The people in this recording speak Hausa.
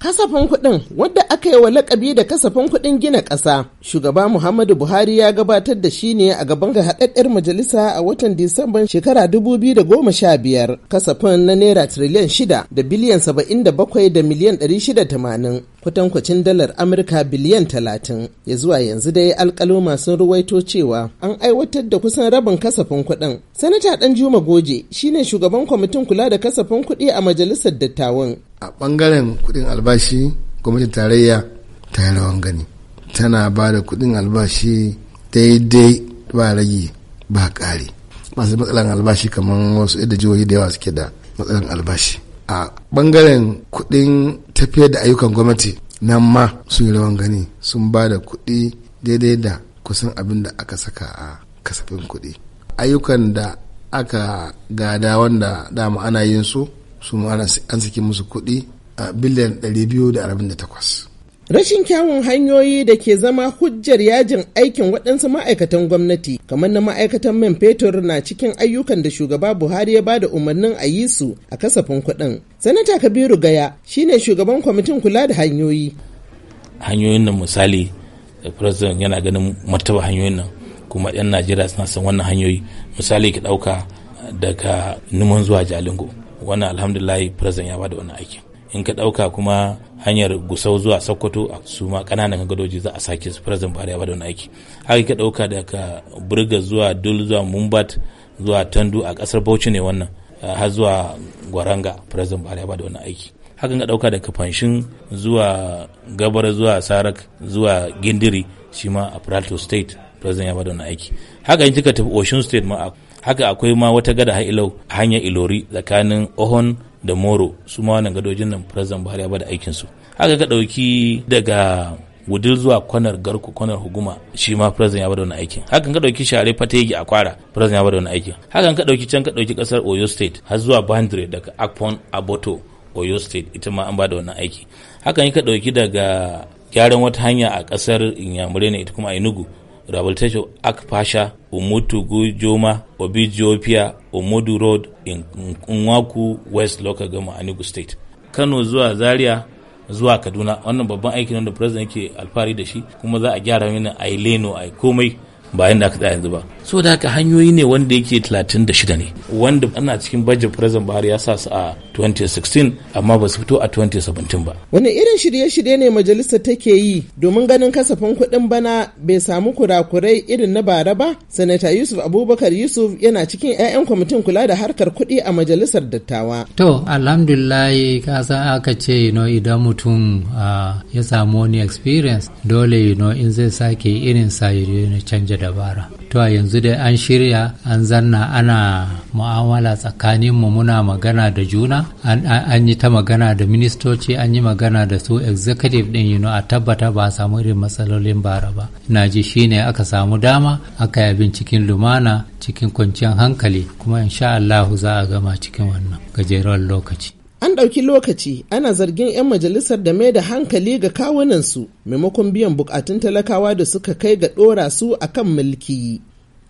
Kasafin kuɗin wadda aka yi wa lakabi da kasafin kuɗin gina ƙasa, shugaba Muhammadu Buhari ya gabatar da shi ne a gaban ga haɗaɗɗiyar majalisa a watan Disamban shekara 2015 kasafin na naira triliyan 6 da biliyan 77 da miliyan 680 kwatankwacin dalar Amurka biliyan 30 ya zuwa yanzu dai alƙaluma sun ruwaito cewa an aiwatar da kusan rabin kasafin kuɗin. Sanata Juma Goje shine shugaban kwamitin kula da kasafin kuɗi a majalisar dattawan a bangaren kudin albashi gwamnatin tarayya ta yi rawan gani tana ba da kudin albashi daidai ba rage ba kare masu matsalan albashi kamar wasu yadda jihohi da yawa suke da matsalan albashi a bangaren kudin tafiyar da ayyukan gwamnati nan ma sun yi rawan gani sun ba da kuɗi daidai da kusan abin da aka saka a kasafin kuɗi ayyukan da aka gada wanda dama ana yin su su ma an saki musu kuɗi a biliyan 248 Rashin kyawun hanyoyi da ke zama hujjar yajin aikin waɗansu ma'aikatan gwamnati, kamar na ma'aikatan man fetur na cikin ayyukan da shugaba Buhari ya bada umarnin a yi su a kasafin kuɗin. Sanata Kabiru Gaya shine shugaban kwamitin kula da hanyoyi. Hanyoyin nan misali, President yana ganin martaba hanyoyin nan kuma 'yan Najeriya suna son wannan hanyoyi. Misali ki ɗauka daga Numan zuwa Jalingo. wannan alhamdulahi president ya bada wannan aikin in ka ɗauka kuma hanyar gusau zuwa sokoto a su ma ƙananan gadoji za a sake su president bada ya bada wannan aiki haka ka ɗauka daga burga zuwa dul zuwa mumbat zuwa tandu a ƙasar bauchi ne wannan eh, har zuwa gwaranga president bada ya bada wannan aiki hakan ka ɗauka daga fanshin zuwa gabar zuwa sarak zuwa gindiri shi ma a prato state president ya bada wannan aiki haka in kika tafi ocean state ma haka akwai ma wata gada har ilau hanyar ilori tsakanin ohon da moro su ma wannan gadojin nan firazan buhari ya bada aikin su haka ka dauki daga wudil zuwa kwanar garku kwanar huguma shi ma firazan ya bada wani aikin hakan ka dauki share fategi a kwara firazan ya bada wani aikin hakan ka dauki can ka dauki kasar oyo state har zuwa bandre daga akpon aboto oyo state ita ma an bada wannan aiki hakan ka dauki daga gyaran wata hanya a kasar inyamurai ne ita kuma a inugu. rehabilitation akpasha umutugu joma jopia umudu road nwaku west local government anugu state kano zuwa zaria zuwa kaduna wannan babban aikin da president yake alfahari da shi kuma za a gyara mini a yi a komai bayan da aka tsaya yanzu ba saboda haka hanyoyi ne wanda yake 36 ne wanda ana cikin budget president Buhari ya sa su a 2016 amma ba su fito a 2017 ba wani irin shirye-shirye ne majalisa take yi domin ganin kasafin kuɗin bana bai samu kurakurai irin na bara ba sanata Yusuf Abubakar Yusuf yana cikin 'ya'yan kwamitin kula da harkar kuɗi a majalisar dattawa to alhamdulillah ka san aka ce no idan mutum ah, ya samu wani experience dole no in zai sake irin sa ya canja dabara to a yanzu yanzu dai an shirya an zanna ana mu'amala tsakaninmu muna magana da juna an yi ta magana da ministoci an yi magana da su executive din yino a tabbata ba a samu irin matsalolin bara ba na ji shine aka samu dama aka abin cikin lumana cikin kwanciyar hankali kuma in sha Allahu za a gama cikin wannan gajeren lokaci an ɗauki lokaci ana zargin 'yan majalisar da mai da hankali ga kawunansu maimakon biyan bukatun talakawa da suka kai ga ɗora su akan mulki